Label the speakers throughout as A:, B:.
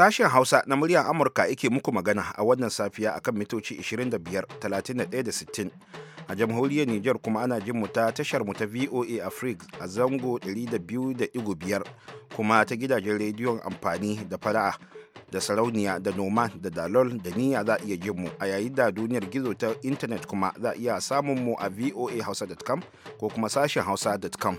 A: Sashen Hausa na muryar Amurka yake muku magana a wannan safiya a kan mitoci 25, 31 da 60. A jamhuriyar Nijar kuma ana jin mu ta tashar mu ta VOA Africa a zango 200.5 kuma ta gidajen rediyon amfani da fara'a da sarauniya da noma da dalol da niyya za a iya jin mu a yayin da duniyar gizo ta intanet kuma za a iya samun mu a voa hausa.com ko kuma sashen hausa.com.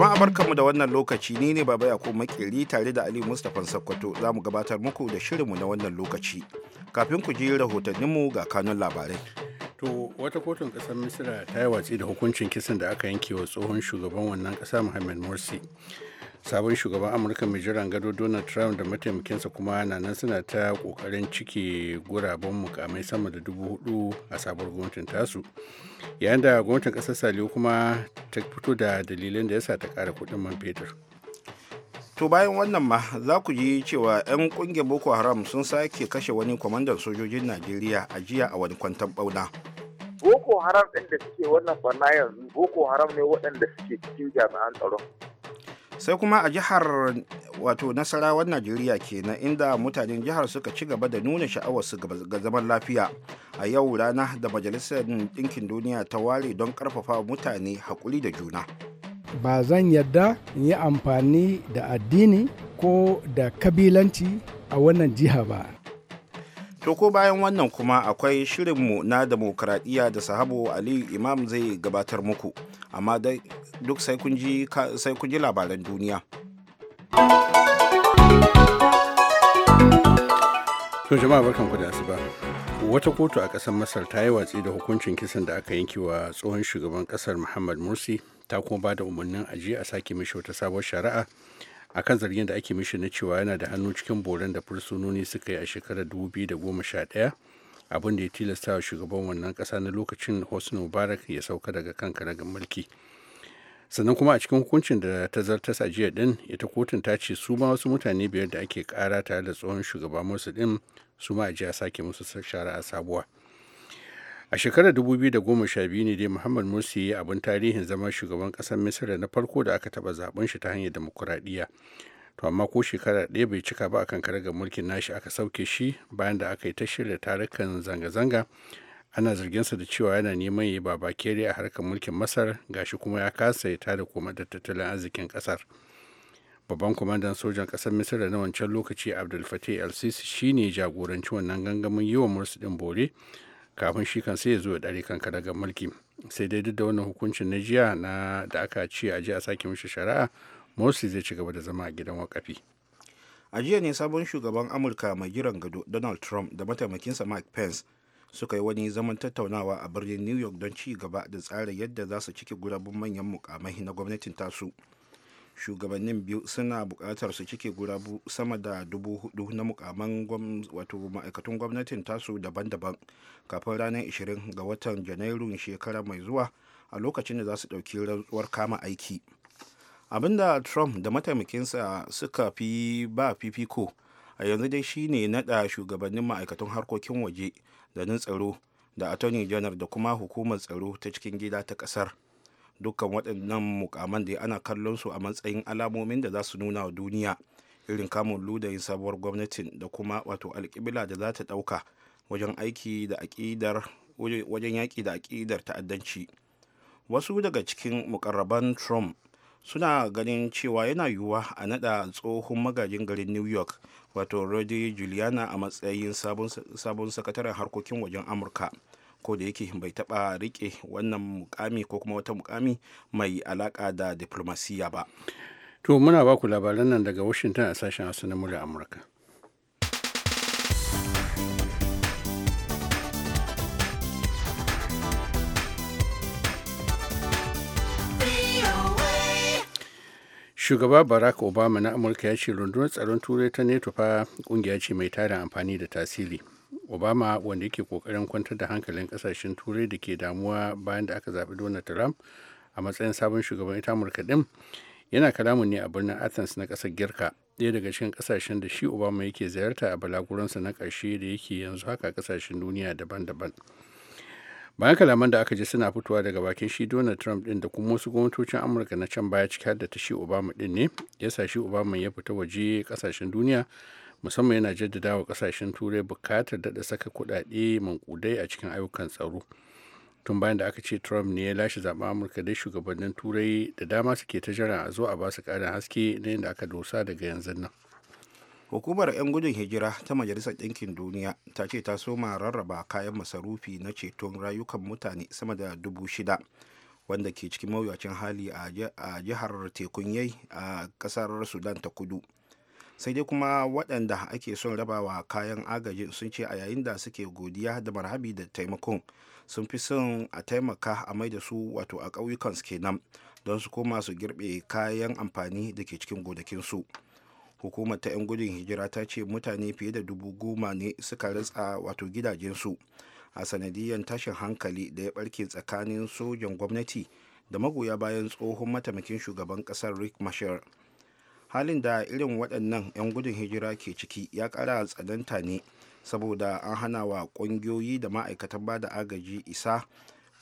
A: jama'a barkanmu da wannan lokaci ni ne baba yakubu makeri tare da aliyu mustapha sakkwato za mu gabatar muku da shirinmu na wannan lokaci kafin ku ji rahotanninmu ga kanun labarai
B: to wata kotun kasar misira
A: ta yi watsi da hukuncin kisan da aka
B: yanke wa tsohon shugaban wannan kasa muhammad morsi sabon shugaban amurka mai jiran gado donald trump da mataimakinsa kuma na nan suna ta kokarin cike guraben mukamai sama da dubu hudu a sabon gwamnatin tasu yayin da gwamnatin kasar saliyu kuma
A: ta fito da dalilin da yasa ta kara kudin man fetur to bayan wannan ma za ku ji cewa 'yan kungiyar boko haram sun sake kashe wani kwamandan sojojin najeriya a jiya a wani kwantan bauna
C: boko haram ɗin da suke wannan barna yanzu boko haram ne waɗanda suke cikin jami'an tsaro
A: sai kuma a jihar wato nasarawar najeriya kenan inda mutanen jihar suka ci gaba da nuna sha'awar su ga zaman lafiya a yau rana da majalisar ɗinkin duniya ta ware don ƙarfafa mutane haƙuri da juna
D: ba zan yadda in yi amfani da addini ko da kabilanci a wannan jiha ba
A: To ko bayan wannan kuma akwai shirinmu na demokradiyya da sahabo Ali Imam zai gabatar muku, amma duk sai kun ji labaran duniya. To jama'a ku da asuba. Wata
B: kotu a ƙasar Masar ta yi watsi da hukuncin kisan da aka yanke wa tsohon shugaban ƙasar Muhammad Morsi ta kuma ba da umarnin ajiye a sake mishi wata sabuwar shari'a a kan zargin da ake mishi na cewa yana da hannu cikin boran da fursunoni suka yi a shekarar 2011 abin da ya tilasta wa shugaban wannan ƙasa na lokacin hosni mubarak ya sauka daga kan karagar mulki sannan kuma a cikin hukuncin da ta zartas a jiya din ita kotun ta ce su ma wasu mutane biyar da ake kara tare da tsohon shugaban musu din su ma a jiya sake musu shari'a sabuwa a shekarar 2012 ne dai muhammad morsi ya yi abin tarihin zama shugaban ƙasar misira na farko da aka taba zaben shi ta hanyar demokuraɗiyya to amma ko shekara ɗaya bai cika ba akan ga mulkin nashi aka sauke shi bayan da aka yi ta shirya tarukan zanga-zanga ana zarginsa da cewa yana neman yi ba kere a harkar mulkin masar gashi kuma ya kasa ya tare koma da tattalin arzikin kasar babban kwamandan sojan kasar misira na wancan lokaci abdul al-sisi shine jagoranci wannan gangamin yiwa wa mursu din bore kafin shi kan sai ya zo ya ɗare kanka daga mulki sai dai duk da wannan hukuncin na jiya na
A: da aka ce a ji a sake mishi shari'a mosi zai ci gaba da zama a gidan wakafi a jiya ne sabon shugaban amurka mai giran gado donald trump da mataimakinsa mike pence suka yi wani zaman tattaunawa a birnin new york don ci gaba da tsara yadda za su cike gurabun manyan mukamai na gwamnatin tasu. shugabannin biyu suna bukatar su cike gura sama da dubu hudu na mukaman wato ma'aikatun gwamnatin tasu daban-daban kafin ranar 20 ga watan janairun shekara mai zuwa a lokacin da za su ɗauki rantsuwar kama aiki abinda trump da mataimakinsa suka fi ba fifiko a yanzu dai shine naɗa shugabannin ma'aikatan harkokin waje da tsaro da attorney general da kuma hukumar tsaro ta cikin gida ta ƙasar. dukkan waɗannan mukaman da ana kallon su a matsayin alamomin da za su nuna wa duniya irin kamun ludayin sabuwar gwamnatin da kuma wato alƙibla da za ta ɗauka wajen aiki da aƙidar wajen yaƙi da aƙidar ta'addanci wasu daga cikin mukarraban trump suna ganin cewa yana yiwuwa a naɗa tsohon magajin garin new york wato rudy juliana a matsayin sabon sakataren harkokin wajen amurka ko da yake bai taɓa rike wannan mukami ko kuma wata mukami mai alaƙa da diplomasiya ba to muna baku labaran nan daga washington a sashen
B: hausa na murya amurka shugaba barack obama na amurka ya ce rundunar tsaron turai ta neto fa kungiya ce mai tarin amfani da tasiri obama wanda yake kokarin kwantar da hankalin kasashen turai da ke damuwa bayan da aka zaɓi donald trump a matsayin sabon shugaban ita amurka ɗin yana kalamun ne a birnin athens na ƙasar girka ɗaya daga cikin ƙasashen da shi obama yake ziyarta a balaguransa na ƙarshe da yake yanzu haka ƙasashen duniya daban-daban bayan kalaman da aka ji suna fitowa daga bakin shi donald trump ɗin da kuma wasu gwamnatocin amurka na can baya ciki da ta shi obama ɗin ne ya sa shi obama ya fita waje ƙasashen duniya musamman yana jaddada wa kasashen turai bukatar daɗa saka kuɗaɗe mankudai a cikin ayyukan tsaro tun bayan da aka ce trump ne ya lashe zaben amurka dai shugabannin
A: turai da dama suke ta jira a zo a basu karin haske na yadda aka dosa daga yanzu nan hukumar 'yan gudun hijira ta majalisar ɗinkin duniya ta ce ta soma rarraba kayan masarufi na ceton rayukan mutane sama da dubu shida wanda ke cikin mawuyacin hali a jihar tekun yai a ƙasar sudan ta kudu sai dai kuma waɗanda ake son rabawa kayan agajin sun ce a yayin da suke godiya da marhabi da taimakon sun fi son a taimaka a mai da su wato a ƙauyukan suke kenan don su koma su girbe kayan amfani da ke cikin su hukumar ta 'yan gudun hijira ta ce mutane fiye da dubu goma ne suka ritsa wato su a sanadiyar tashin hankali da ya barke tsakanin sojan gwamnati da magoya bayan tsohon mataimakin shugaban kasar rick marshall halin da irin waɗannan 'yan gudun hijira ke ciki ya ƙara tsananta ne saboda an hana wa ƙungiyoyi da ma'aikatan ba da agaji isa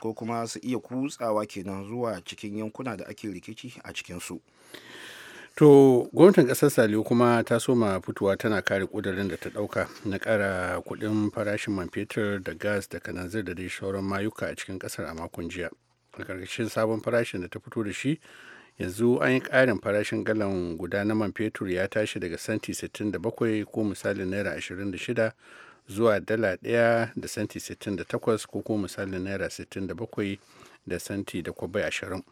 A: ko kuma su iya kutsawa kenan zuwa cikin yankuna da ake rikici a cikinsu.
B: To gwamnatin ƙasar Saliyo kuma ta soma fitowa tana kare ƙudurin da ta ɗauka na kara kuɗin farashin man fetur da gas da kananzir da dai sauran mayuka a cikin ƙasar a makon jiya. A ƙarƙashin sabon farashin da ta fito da shi yanzu an yi ƙarin farashin galan guda na man fetur ya tashi daga santi 67 ko misalin naira 26 zuwa dala ɗaya da santi 68 ko kuma misalin naira 67 da santi da kwabai 20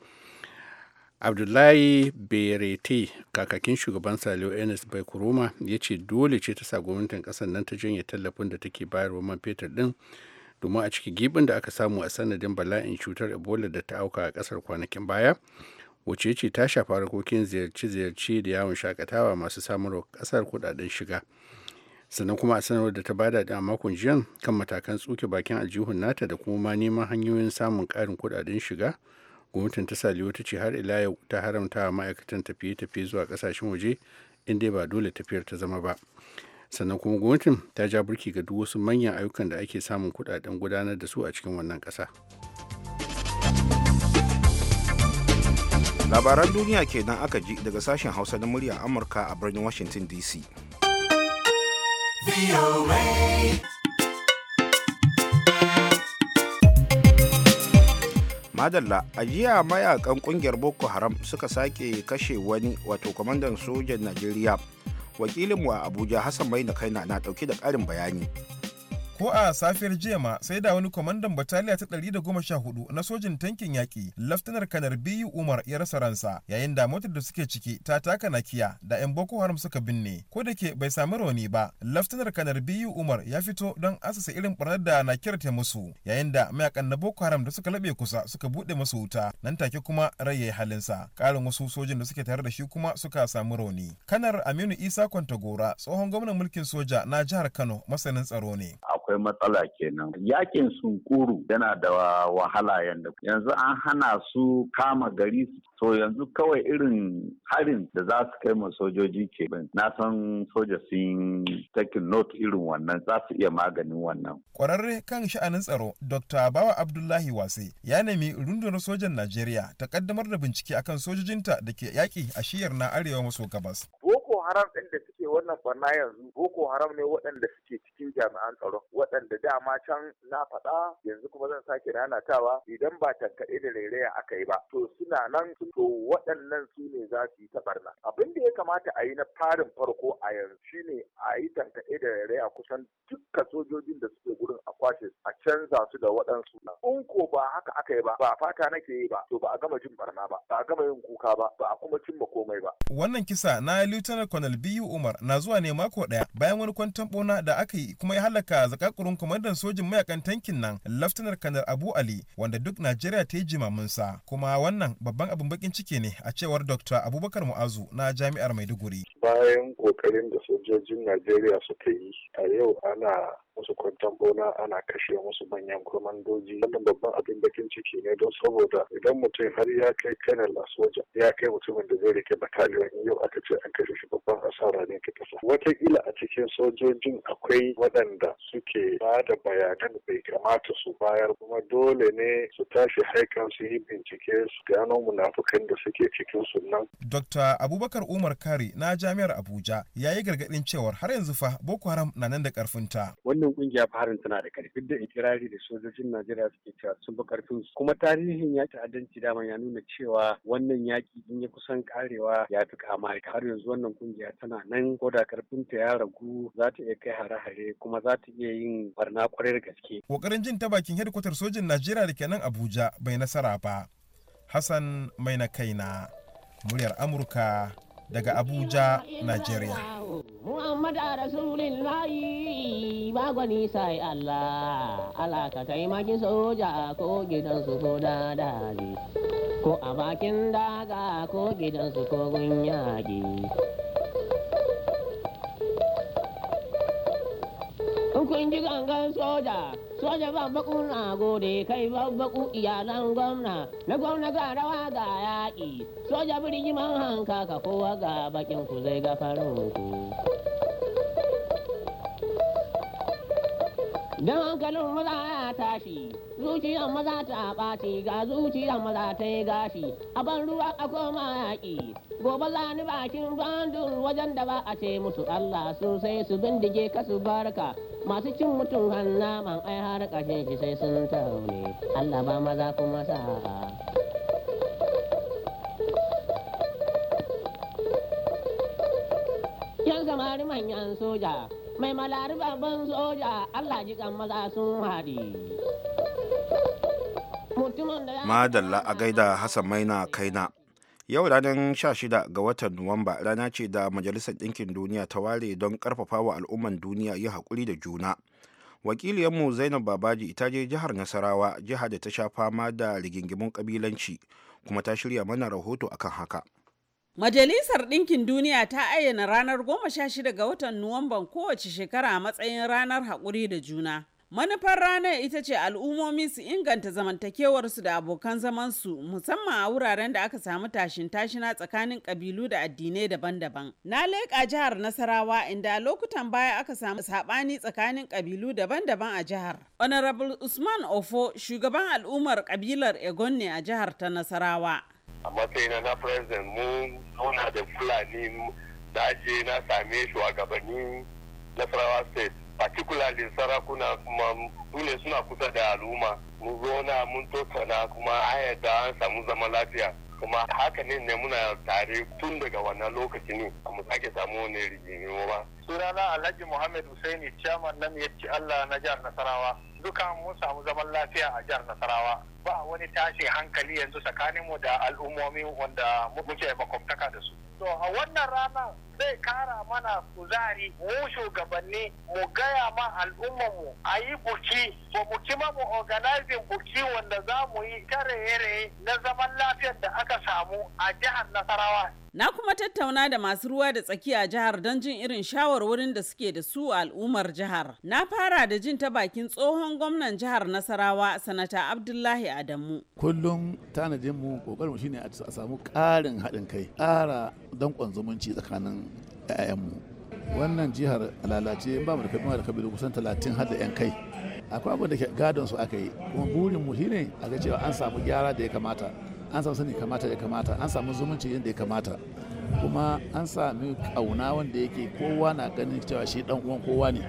B: abdullahi berete kakakin shugaban saliyo enes bai kuruma ya ce dole ce ta sa gwamnatin kasar nan ta janye tallafin da take bayarwa man fetur din domin a ciki gibin da aka samu a sanadin bala'in cutar ebola da ta auka a kasar kwanakin baya wuce ce ta shafa harkokin ziyarce-ziyarce da yawon shakatawa masu samarwa kasar kudaden shiga sannan kuma a sanarwar da ta bada da makon jiyan kan matakan tsuke bakin aljihun nata da kuma ma neman hanyoyin samun karin kudaden shiga gwamnatin ta saliyo ta ce har ila yau ta haramta ma'aikatan tafiye-tafiye zuwa kasashen waje inda ba dole tafiyar ta zama ba sannan kuma gwamnatin ta ja burki ga duk wasu manyan ayyukan da ake samun kudaden
A: gudanar da su a cikin wannan ƙasa. labaran duniya kenan aka ji daga sashen hausa na murya amurka a birnin washington dc madalla a jiya mayakan kungiyar boko haram suka sake kashe wani wato kwamandan sojan najeriya wakilinmu a abuja hassan maina kaina na dauke da karin bayani
C: ko a safiyar jiya ma sai da wani kwamandan bataliya ta ɗari da goma sha hudu na sojin tankin yaƙi laftanar kanar biyu umar ya rasa ransa yayin da motar da suke ciki ta taka nakiya da 'yan boko haram suka binne ko da ke bai sami rauni ba laftanar kanar biyu umar ya fito don asasa irin barnar da nakiyar ta musu yayin da mayakan na boko haram da suka laɓe kusa suka buɗe musu wuta nan take kuma rai ya yi halinsa ƙarin wasu sojin da suke tare da shi kuma suka samu rauni kanar aminu isa kwantagora tsohon gwamnan mulkin soja na jihar kano masanin tsaro ne
E: akwai matsala kenan yakin sunkuru yana da wahala yanda yanzu an hana su kama gari to yanzu kawai irin harin da za su kai ma sojoji ke na san soja sun take note irin wannan za su iya maganin wannan
C: kwararre kan sha'anin tsaro dr bawa abdullahi wase ya nemi rundunar sojan najeriya ta kaddamar da bincike akan sojojinta da ke yaki a shiyar na arewa maso gabas boko haram ɗin da suke wannan barna yanzu boko haram ne waɗanda suke cikin jami'an tsaro. waɗanda dama can na faɗa yanzu kuma zan sake nanatawa idan ba tankaɗe da rairaya aka yi ba to suna nan to waɗannan su ne za su yi taɓarna abin da ya kamata a yi na farin farko a yanzu shine a yi tankaɗe da rairaya kusan dukkan sojojin da suke gurin a kwashe a canza su da waɗansu in ko ba haka aka yi ba ba fata nake yi ba to ba a gama jin barna ba ba a gama yin kuka ba ba a kuma cimma komai ba wannan kisa na lieutenant colonel biyu umar na zuwa ne mako ɗaya bayan wani kwantan ɓona da aka yi kuma ya halaka zakakurin kwamandan sojin mayakan tankin nan laftanar kanar abu ali wanda duk najeriya ta yi jimaminsa kuma wannan babban abin bakin ciki ne a cewar dr abubakar mu'azu na jami'ar maiduguri bayan kokarin da sojojin najeriya suka yi a yau ana musu kwantan bona ana kashe musu manyan kwamandoji wannan babban abin bakin ciki ne don saboda idan mutum har ya kai kanal
E: a soja ya kai mutumin da zai rike bataliyon yau aka ce an kashe shi babban asara ne ta kasa
C: watakila a cikin sojojin akwai waɗanda suke ba da bayanan bai kamata su bayar kuma dole ne su tashi haikan su yi bincike su gano munafukan da suke cikin sunan. Dr. Abubakar Umar Kari na Jami'ar Abuja Abuja ya yi gargaɗin cewar har yanzu fa Boko Haram na nan da ƙarfinta.
E: Wannan ƙungiya fa tana da ƙarfi da ikirari da sojojin Najeriya suke cewa sun fi ƙarfin su kuma tarihin ya ta'addanci dama ya nuna cewa wannan yaƙi in ya kusan karewa ya fi kamari har yanzu wannan ƙungiya tana nan ko da ƙarfinta ya ragu za ta iya kai hare-hare kuma za ta iya yin barna kwarai gaske.
C: Ƙoƙarin jin ta bakin hedikwatar sojin Najeriya da ke nan Abuja bai nasara ba. Hassan Mai kaina, muryar Amurka daga Abuja, Najeriya.
F: Muhammad a Rasulillahi ba gwani yi Allah, Allah ka taimaki soja ko gidansu ko dadali, ko a bakin daga ko gidansu ko gunyaki. Kun ji gangan soja soja babbaku na gode kai baku iyalan gwamna na gwamna ga rawa ga yaƙi soja birgiman hanka ka kowa ga bakin ku zai ga farin ku Don hankalin maza ya tashi, zuciyar maza ta ɓaci ga zuciyar maza ta yi gashi, a ban ruwa a koma yaƙi. Gobe za ni bakin bandun wajen da ba a ce musu Allah sosai su bindige ka su barka. Masu cin mutum hanna man ai har ƙashin shi sai sun taune. Allah ba maza kuma sa. Yan samari manyan soja. mai malari babban soja Allah kan maza sun haɗi.
A: Madalla a gaida Hassan Maina Kaina. Yau ranar 16 ga watan Nuwamba rana ce da Majalisar Ɗinkin Duniya ta ware don ƙarfafa wa al'umman duniya yi haƙuri da juna. Wakiliyarmu Zainab Babaji ita je jihar Nasarawa, jiha da ta sha fama da rigingimun ƙabilanci, kuma ta shirya mana rahoto akan haka.
G: Majalisar Ɗinkin Duniya ta ayyana ranar 16 ga watan Nuwamban kowace shekara a matsayin ranar haƙuri da juna. Manufar ranar ita ce al'ummomi su inganta zamantakewarsu da abokan zamansu musamman a wuraren da aka samu tashin tashina tsakanin ƙabilu da addinai daban-daban. Na leƙa jihar Nasarawa inda a lokutan baya aka samu saɓani tsakanin ƙabilu daban-daban a jihar. Honorable Usman Ofo shugaban al'ummar ƙabilar Egon ne a jihar ta Nasarawa. a
E: matsayin na president mu nuna da fulani na je na same gabanin nasarawa state particularly sarakuna kuma dole suna kusa da al'umma mun zauna mun tattauna kuma an yadda an samu zaman lafiya kuma haka ne muna tare tun daga wannan lokacin ne a mu sake samu wani rigingimu ba.
C: sunana alhaji muhammad husaini chairman na miyarci allah na jihar nasarawa duka mun samu zaman lafiya a jihar nasarawa ba wani tashi hankali yanzu tsakaninmu da al'ummomi
A: wanda muke makwabtaka da su.
E: To
D: a wannan rana, zai kara mana kuzari mu shugabanni mu gaya ma mu a yi buki ba mu kima mu organizing buki wanda za mu yi kare na zaman lafiyar da aka
E: samu
G: a jihar Nasarawa. Na kuma tattauna da masu ruwa da tsaki a jihar don jin irin shawarwarin da suke da su a al'ummar jihar. Na fara da jin ta bakin tsohon gwamnan jihar Nasarawa, Sanata Abdullahi Adamu.
B: Kullum tanadin mu kokarin mu shine a samu ƙarin haɗin kai, ƙara danƙon zumunci tsakanin 'ya'yanmu. Wannan jihar lalace ba mu da kabilu da kabilu kusan talatin har da 'yan kai. Akwai abin da gadon su aka yi, kuma burin mu shine a ga cewa an samu gyara da ya kamata, an samu sani kamata ya kamata,
G: an samu zumunci yadda ya kamata. kuma an sami ƙauna wanda yake kowa na ganin cewa shi dan uwan kowa ne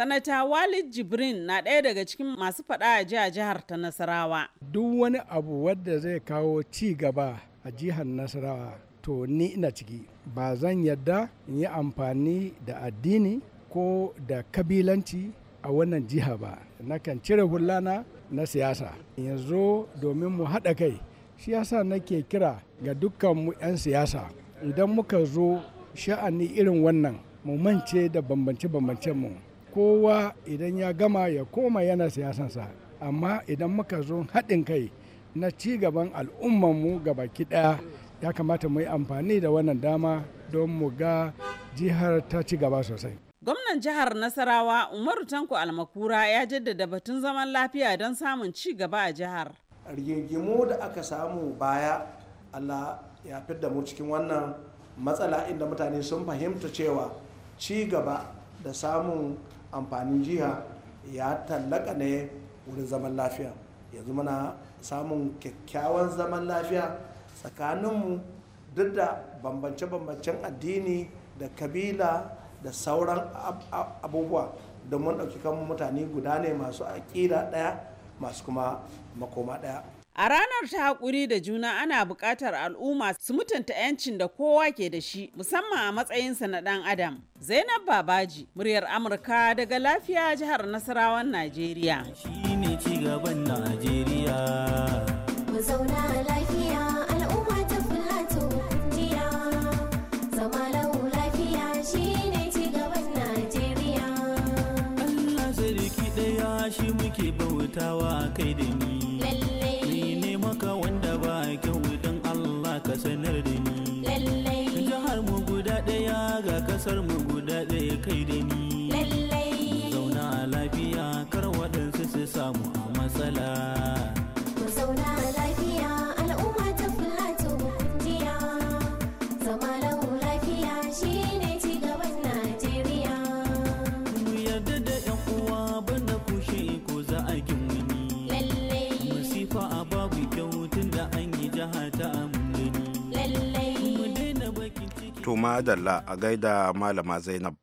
G: Sanata Walid Jibrin na ɗaya daga cikin masu faɗa a jiha jihar ta Nasarawa.
D: Duk wani abu wadda zai kawo ci gaba a jihar Nasarawa to ni ina ciki. Ba zan yadda in yi amfani da addini ko da kabilanci a wannan jiha ba. na kan cire hulana na siyasa. Yanzu domin mu haɗa kai. Shi yasa nake kira ga dukkan mu 'yan siyasa. Idan muka zo sha'ani irin wannan mu mance da bambance-bambancen mu. kowa idan ya gama ya koma yana siyasansa amma idan muka zo haɗin kai na ci gaban al'ummanmu gaba baki ɗaya ya kamata mu yi amfani da wannan dama don mu ga jihar ta ci gaba sosai
G: gwamnan jihar nasarawa umaru tanko almakura ya jaddada batun zaman lafiya don samun ci gaba a jihar
D: rigingimu da aka samu baya allah ya fidda mu cikin wannan matsala inda mutane sun fahimta cewa ci gaba da samun amfanin jiha ya tallaka ne wurin zaman lafiya yanzu muna samun kyakkyawan zaman lafiya tsakaninmu duk da bambance-bambancen addini da kabila da sauran abubuwa don mun ɗauki kan mutane guda ne masu aƙida ɗaya masu kuma makoma ɗaya
G: A ranar ta haƙuri da juna ana buƙatar al'umma su mutunta 'yancin da kowa ke da shi musamman a matsayinsa na ɗan adam. Zainab Babaji, muryar Amurka daga lafiya jihar Nasarawan Najeriya. Shi ne
H: cigaban Najeriya. kasar mu guda ɗaya kai da ni
A: madalla a gaida malama zainab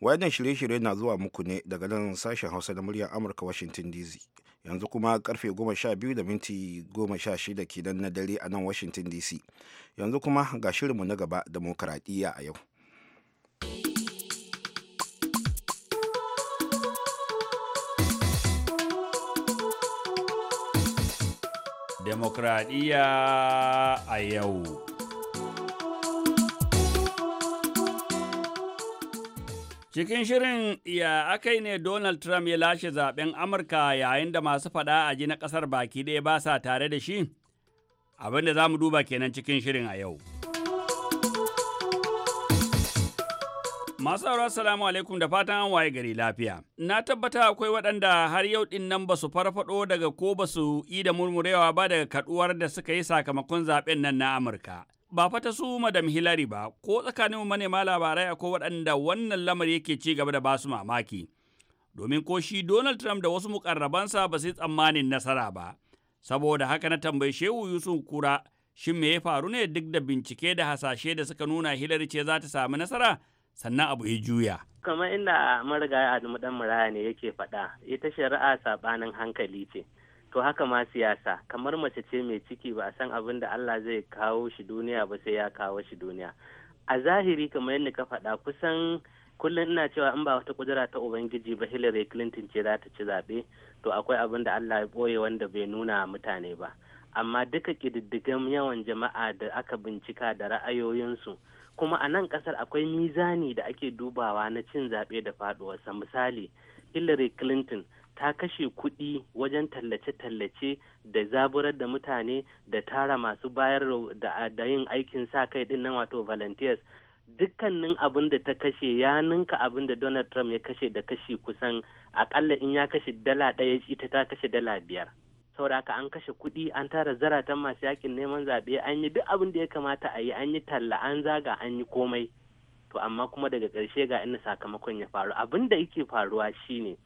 A: wannan shirye-shirye na zuwa muku ne daga nan sashen hausa da muryar amurka washington dc yanzu kuma karfe 12 da minti 16 kenan na dare a nan washington dc yanzu kuma ga shirinmu na gaba demokaradiyya a yau
E: demokradiyya a yau Cikin shirin ya aka ne Donald Trump ya lashe zaben Amurka yayin da masu faɗa a ji na ƙasar baki ɗaya ba sa tare da shi? Abin da za mu duba kenan cikin shirin a yau. Masu aure salamu alaikum da fatan an waye gari lafiya. Na tabbata akwai waɗanda har yau ɗin nan ba su farfaɗo daga ko ba su yi da murmurewa ba daga kaɗuwar da suka yi sakamakon zaɓen nan na Amurka. ba fata su madam Hillary ba ko tsakanin manema labarai a ko waɗanda wannan lamari yake ci gaba da basu mamaki domin ko shi Donald Trump da wasu mukarrabansa ba su yi tsammanin nasara ba saboda haka na tambayi Shehu Yusuf Kura shin me ya faru ne duk da bincike da hasashe da suka nuna Hillary ce za ta sami nasara sannan abu ya juya
H: kamar inda mariga Adamu dan Muraya ne yake faɗa ita shari'a saɓanin hankali ce to haka ma siyasa kamar mace ce mai ciki ba a san abin da Allah zai kawo shi duniya ba sai ya kawo shi duniya a zahiri kamar yadda ka faɗa kusan kullum ina cewa in ba wata kudura ta ubangiji ba Hillary Clinton ce za ta ci zaɓe to akwai abin da Allah ya ɓoye wanda bai nuna mutane ba amma duka ƙididdigan yawan jama'a da aka bincika da ra'ayoyinsu kuma a nan ƙasar akwai mizani da ake dubawa na cin zaɓe da faɗuwarsa misali Hillary Clinton ta kashe kuɗi wajen tallace-tallace da zaburar da mutane da tara masu bayar da yin aikin sa kai din nan wato volunteers dukkanin abin da ta kashe ya ninka abin da donald trump ya kashe da kashe kusan akalla in ya kashe dala ɗaya ita ta kashe dala biyar saboda an kashe kuɗi an tara zaratan masu yakin neman zaɓe an yi duk abin da ya kamata a yi an yi talla an zaga an yi komai to amma kuma daga ƙarshe ga inda sakamakon ya faru abin da yake faruwa shine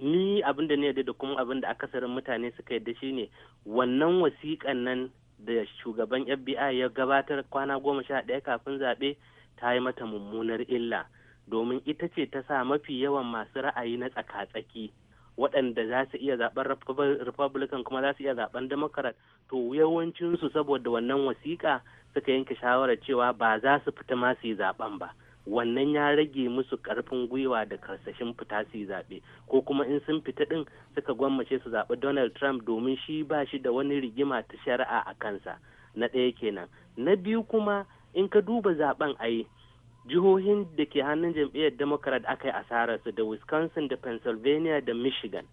H: ni abin da ne yadda da kuma abin da akasarin mutane suka yadda ne. wannan wasiƙan nan da shugaban FBI ya gabatar kwana goma sha ɗaya kafin zaɓe ta yi mata mummunar illa domin ita ce ta sa mafi yawan masu ra'ayi na tsaka-tsaki waɗanda za su iya zaɓen republican kuma za su iya zaɓen democrat to yawancinsu saboda wannan wasiƙa suka yanke shawarar cewa ba za su fita ma su yi zaɓen ba wannan ya rage musu karfin gwiwa da karsashin fita su zaɓe ko kuma in sun fita ɗin suka gwammace su zaɓi donald trump domin shi ba shi da wani rigima ta shari'a a kansa na ɗaya kenan na biyu kuma in ka duba zaɓen a yi jihohin da ke hannun jam'iyyar democrat aka yi asarar su da wisconsin da pennsylvania da michigan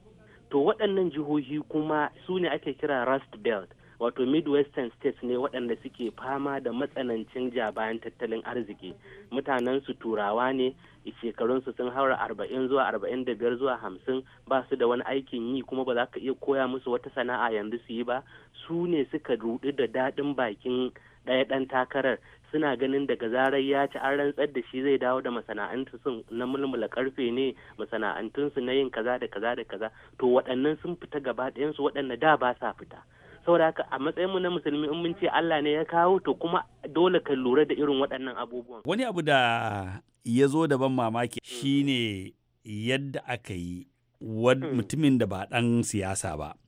H: to waɗannan jihohi kuma su ne ake kira rust belt wato midwestern states ne waɗanda suke fama da matsanancin ja bayan tattalin arziki mutanensu turawa ne shekarunsu sun haura arba'in zuwa arba'in da biyar zuwa hamsin ba su da wani aikin yi kuma ba za ka iya koya musu wata sana'a yanzu su yi ba su ne suka rudu da daɗin bakin ɗaya ɗan takarar suna ganin daga zarar ya ci an rantsar da shi zai dawo da masana'antu sun na mulmula karfe ne masana'antunsu na yin kaza da kaza da kaza to waɗannan sun fita gaba ɗayansu waɗanda da ba sa fita saboda haka a matsayin mu na musulmi in mun ce Allah ne ya kawo to kuma dole ka lura da irin waɗannan abubuwan
E: wani abu da ya zo da ban mamaki shine yadda aka yi hmm. mutumin da ba ɗan siyasa ba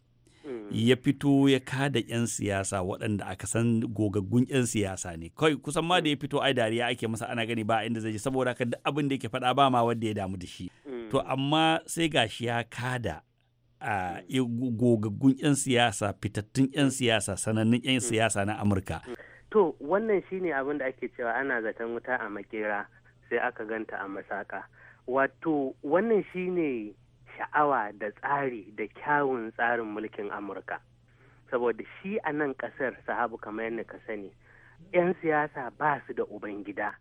E: hmm. ya fito ya kada 'yan siyasa waɗanda aka san gogaggun 'yan siyasa ne kai kusan ma da ya hmm. fito ai dariya ake masa ana gani ba inda zai je saboda haka duk abin da yake faɗa ba ma wanda ya damu da shi to amma sai gashi ya kada a gogaggun 'yan siyasa fitattun 'yan siyasa sanannun 'yan siyasa na amurka
H: to wannan shine abin da ake cewa ana zaton wuta a makera sai aka ganta a masaka wato wannan shine sha'awa da tsari da kyawun tsarin mulkin amurka saboda shi a nan kasar sahabu kamar yadda ka sani 'yan siyasa ba su da ubangida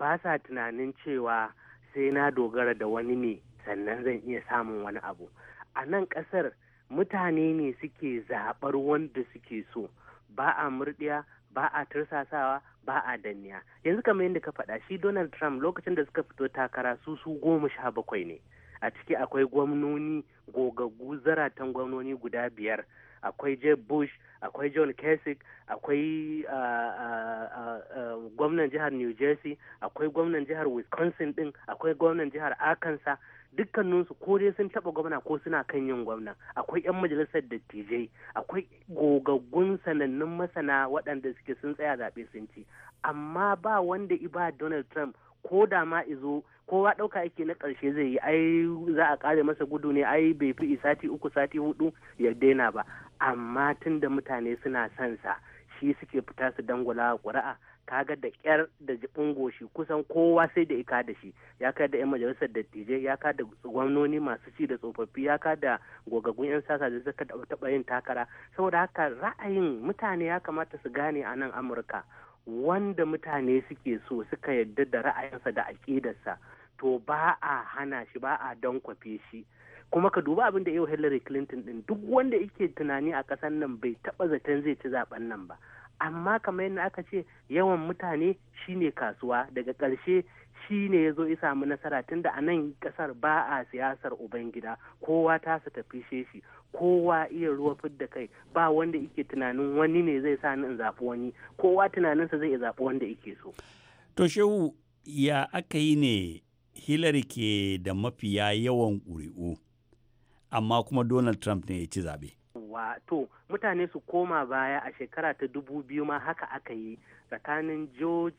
H: ba sa tunanin cewa sai na dogara da wani ne sannan zan iya samun wani abu a nan ƙasar mutane ne suke zaɓar wanda suke so ba a murɗiya ba a tursasawa ba a danniya yanzu kamar yadda ka faɗa shi donald trump lokacin da suka fito takara su su goma sha bakwai ne a ciki akwai gwamnoni gogaggu zaratan gwamnoni guda biyar akwai jeb bush akwai john kasich akwai ah, ah, ah, gwamnan jihar new jersey akwai gwamnan jihar wisconsin din akwai gwamnan jihar arkansas dukkaninsu ko dai sun taɓa gwamna ko suna kan yin gwamna akwai 'yan majalisar dattijai akwai gogaggun sanannun masana waɗanda suke sun tsaya zaɓe sun ci amma ba wanda iba donald trump ko da ma izo kowa ɗauka yake na ƙarshe zai yi ai za a ƙare masa gudu ne ai bai fi sati uku sati hudu ya daina ba amma tunda mutane suna son shi suke fita su dangula ƙuri'a kaga da kyar da jibin goshi kusan kowa sai da ika da shi ya ka da 'yan majalisar dattijai ya ka da gwamnoni masu ci da tsofaffi ya ka da gogaggun 'yan sasa da suka taɓa yin takara saboda haka ra'ayin mutane ya kamata su gane a nan amurka wanda mutane suke so suka yarda da ra'ayinsa da aƙidarsa to ba a hana shi ba a kwafe shi kuma ka duba abin da yau Hillary Clinton din duk wanda yake tunani a ƙasar nan bai taɓa zaton zai ci zaben nan ba amma kamar yadda aka ce yawan mutane shine kasuwa daga ƙarshe shine ya zo ya samu nasara tunda a nan kasar ba a siyasar ubangida kowa ta su tafi shi kowa iya ruwa fidda kai ba wanda ike tunanin wani ne zai sa in zafi wani kowa tunaninsa zai zafi wanda ike so
E: to shehu ya aka yi ne hillary ke da mafiya yawan ƙuri'u amma kuma donald trump ne ya ci zaɓe
H: wato mutane su koma baya a shekara ta dubu biyu ma haka aka yi tsakanin george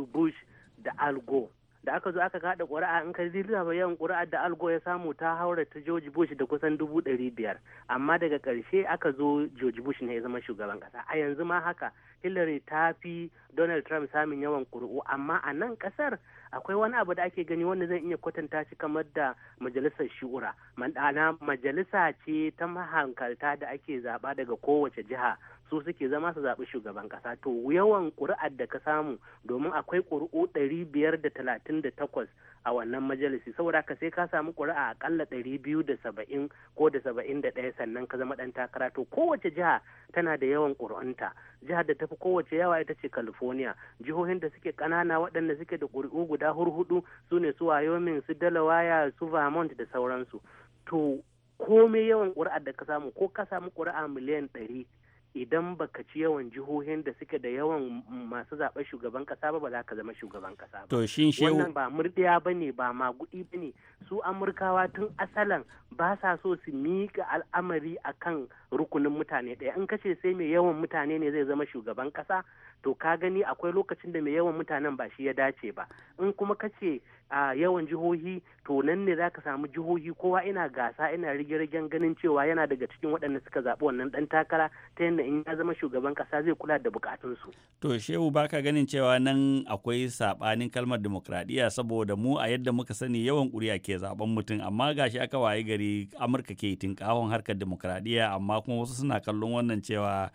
H: w bush da al gore da aka zo aka kada ƙuri'a in ka lissafa yawan ƙuri'a da algo ya samu ta haura ta George Bush da kusan dubu ɗari biyar amma daga ƙarshe aka zo George Bush ne ya zama shugaban ƙasa a yanzu ma haka Hillary ta fi Donald Trump samun yawan ƙuri'u amma a nan ƙasar akwai wani abu da ake gani wanda zai iya kwatanta shi kamar da majalisar shura ma'ana majalisa ce ta mahankalta da ake zaɓa daga kowace jiha su suke zama su zaɓi shugaban ƙasa to yawan ƙuri'ar da ka samu domin akwai ƙuri'u ɗari biyar da talatin da takwas a wannan majalisi saboda ka sai ka samu ƙuri'a aƙalla ɗari biyu da saba'in ko da saba'in da ɗaya sannan ka zama ɗan takara to kowace jiha tana da yawan ƙuri'unta jihar da tafi kowace yawa ita ce california jihohin da suke ƙanana waɗanda suke da ƙuri'u guda hurhudu su ne su wyoming su dalawaya su vermont da sauransu to komai yawan ƙuri'ar da ka samu ko ka samu ƙuri'a miliyan ɗari idan baka ci yawan jihohin da suke da yawan masu zaɓen shugaban ƙasa ba ba za ka zama shugaban ƙasa ba.
E: To shin wannan ba
H: murɗiya ba ne ba maguɗi ba ne su Amurkawa tun asalan ba sa so su miƙa al'amari akan rukunin mutane ɗaya in kace sai mai yawan mutane ne zai zama shugaban ƙasa to ka gani akwai lokacin da mai yawan mutanen ba shi ya dace ba in kuma ka ce a yawan jihohi to nan ne za ka samu jihohi kowa ina gasa ina rige ganin cewa yana daga cikin waɗanda suka zaɓi wannan ɗan takara ta yadda in ya zama shugaban ƙasa zai kula da buƙatunsu.
E: To Shehu baka ganin cewa nan akwai saɓanin kalmar demokradiyya saboda mu a yadda muka sani yawan ƙuri'a ke zaɓen mutum amma gashi aka waye gari Amurka ke tinƙahon harkar demokradiyya amma kuma wasu suna kallon wannan cewa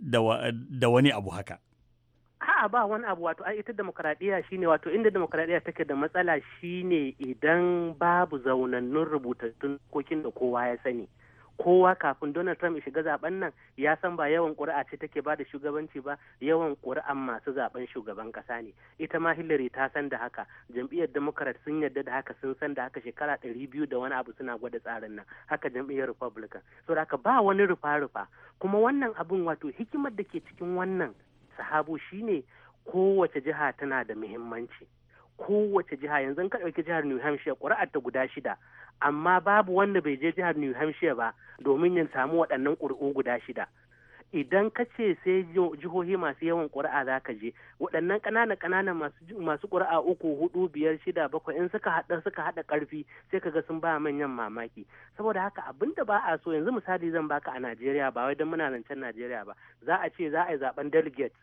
E: da wani abu haka.
H: A'a ba wani abu wato ai ita demokradiyya shine wato inda demokradiyya take da matsala shine idan babu zaunannun rubutattun kokin da kowa ya sani. kowa kafin Donald Trump ya shiga zaben nan ya san ba yawan ƙuri'a ce take ba da shugabanci ba yawan ƙuri'an masu zaben shugaban ƙasa ne ita ma Hillary ta san da haka jam'iyyar Democrat sun yarda da haka sun san da haka shekara ɗari biyu da wani abu suna gwada tsarin nan haka jam'iyyar Republican so da ba wani rufa-rufa kuma wannan abin wato hikimar da ke cikin wannan sahabo shine kowace jiha tana da muhimmanci kowace jiha yanzu ka ɗauki jihar new hampshire ƙuri'ar ta guda shida amma babu wanda bai je jihar new hampshire ba domin ya samu waɗannan ƙuri'u guda shida idan ka ce sai jihohi masu yawan ƙuri'a za ka je waɗannan ƙanana ƙanana masu ƙuri'a uku hudu biyar shida bakwai in suka haɗa suka haɗa ƙarfi sai ka ga sun ba manyan mamaki saboda haka abin da ba a so yanzu misali zan baka a Najeriya ba wai don muna zancen Najeriya ba za a ce za a yi zaben delegate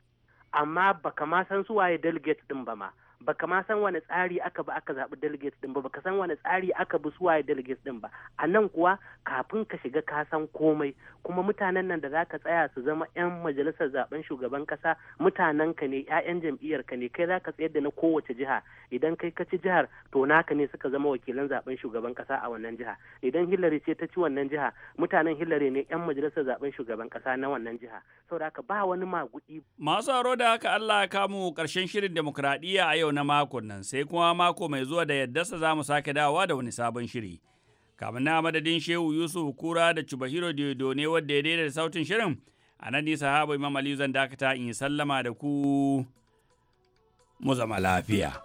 H: amma baka ma san su waye delegate din ba ma baka ma san wani tsari aka ba aka zaɓi delegates din ba baka san wani tsari aka bi suwaye delegates din ba a nan kuwa kafin ka shiga ka san komai kuma mutanen nan da zaka tsaya su zama 'yan majalisar zaben shugaban kasa mutanen ka ne 'ya'yan jam'iyyar ka ne kai zaka tsayar da na kowace jiha idan kai ka ci jihar to naka ne suka zama wakilan zaben shugaban kasa a wannan jiha idan hillary ce ta ci wannan jiha mutanen hillary ne 'yan majalisar zaben shugaban kasa na wannan jiha saboda haka ba wani magudi
E: masu aro da haka Allah ya kamu karshen shirin demokradiyya a yau yau na makon nan sai kuma mako mai zuwa da yaddasa za mu sake dawowa da wani sabon shiri. Kamin na madadin Shehu Yusuf Kura da Chubahiro Diodo ne wadda ya daidaita sautin shirin a nan ni sahaba Imam Aliyu zan dakata in yi sallama da ku mu zama lafiya.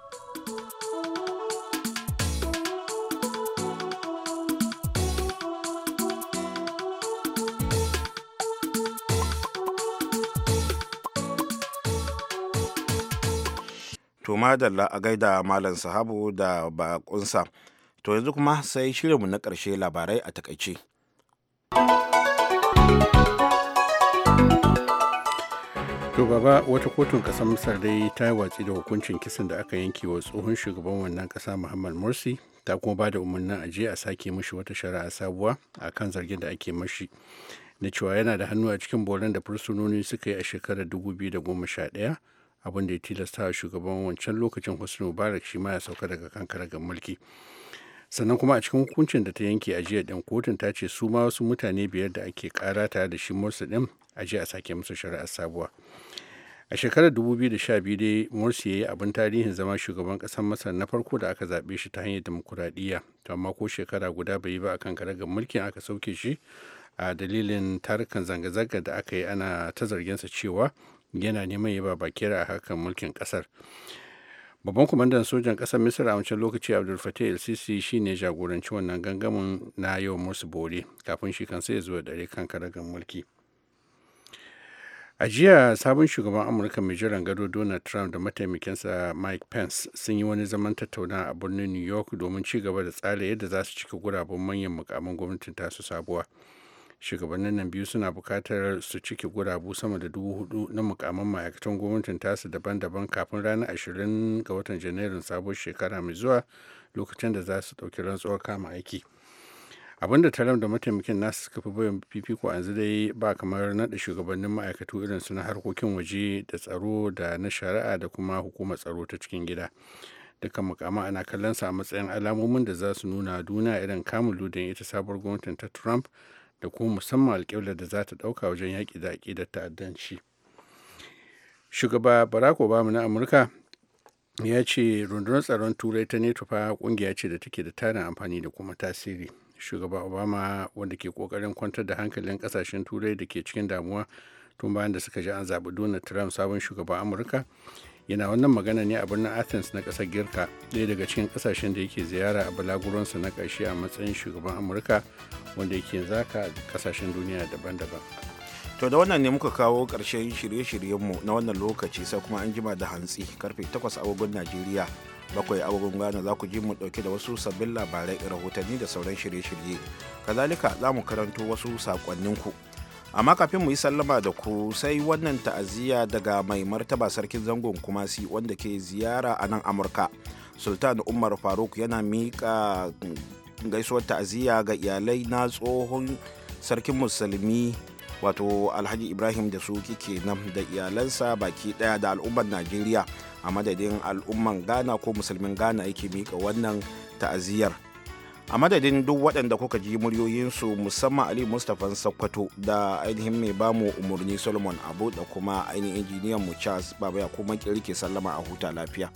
A: to madalla a gaida malam sahabu da bakunsa to yanzu kuma sai mu na ƙarshe labarai a takaice
B: to baba wata kotun ƙasar misar dai ta yi watsi da hukuncin kisan da aka yanke wa tsohon shugaban wannan ƙasa muhammad morsi ta kuma ba da umarnin aje a sake mashi wata shari'a sabuwa a kan zargin da ake mashi na cewa yana da hannu a cikin boran da fursunoni suka yi a shekarar 2011 abin da ya tilasta shugaban wancan lokacin husni mubarak shi ma ya sauka daga ga mulki sannan kuma a cikin hukuncin da ta yanke a jiya din kotun ta ce su ma wasu mutane biyar da ake kara tare da shi morsi ɗin a jiya a sake musu shari'ar sabuwa a shekarar 2012 dai morsi ya yi abin tarihin zama shugaban kasar masar na farko da aka zaɓe shi ta hanyar demokuraɗiyya to amma ko shekara guda bai yi ba a karagar mulkin aka sauke shi a dalilin tarukan zanga-zanga da aka yi ana ta zarginsa cewa yana neman ya ba bakira a hakan mulkin kasar babban kwamandan sojan kasar misir a wancan lokaci abdul fatih el sisi shine jagoranci wannan gangamin na yau musu bore kafin shi kan ya zuwa dare kan karagan mulki a jiya sabon shugaban amurka mai jiran gado donald trump da mataimakinsa mike pence sun yi wani zaman tattauna a birnin new york domin ci gaba da tsara yadda za su cika guraben manyan mukamin gwamnatin tasu sabuwa shugabannin nan biyu suna bukatar su cike gurabu sama da dubu hudu na mukamman ma'aikatan gwamnatin tasu daban-daban kafin ranar ashirin ga watan janairun sabon shekara mai zuwa lokacin da za su ɗauki rantsuwar kama aiki abinda talam da mataimakin nasu suka fi bayan fifiko yanzu dai ba kamar naɗa shugabannin ma'aikatu irin su na harkokin waje da tsaro da na shari'a da kuma hukumar tsaro ta cikin gida dukkan mukama ana kallon sa a matsayin alamomin da za su nuna duniya irin kamun ludin ita sabuwar gwamnatin ta trump da kuma musamman alƙiblar da za ta ɗauka wajen yaƙi da da ta'addanci shugaba barack obama na amurka ya ce rundunar tsaron turai ta neto fa ƙungiya ce da take da tarin amfani da kuma tasiri shugaba obama wanda ke kokarin kwantar da hankalin ƙasashen turai da ke cikin damuwa tun bayan da suka ji an zaɓi donald trump sabon shugaban amurka yana wannan magana ne a birnin athens na ƙasar girka daya daga cikin kasashen da yake ziyara a balaguronsa na ƙarshe a matsayin shugaban amurka wanda yake zaka a kasashen duniya
A: daban-daban to da wannan ne muka kawo ƙarshen shirye-shiryenmu na wannan lokaci sai kuma an jima da hantsi karfe 8 agogon najeriya bakwai agogon Ghana za ku ji mu dauke da wasu sabbin labarai rahotanni da sauran shirye-shirye. Kazalika za mu karanto wasu sakonninku amma kafin mu yi sallama da ku sai wannan ta'aziyya daga mai martaba sarkin zangon kumasi wanda ke ziyara a nan amurka sultan umar faruk yana miƙa gaisuwar ta'aziyya ga iyalai na tsohon sarkin musulmi wato alhaji ibrahim da su kike nan da iyalansa baki daya da al'ummar najeriya a madadin al'ummar ghana ko musulmin ghana yake miƙa wannan ta'aziyyar a madadin duk waɗanda kuka ji muryoyinsu musamman ali mustapha sakwato da ainihin mai bamu umarni solomon abu da kuma ainihin injiniyan mu charles baba ya kuma kirki sallama a huta lafiya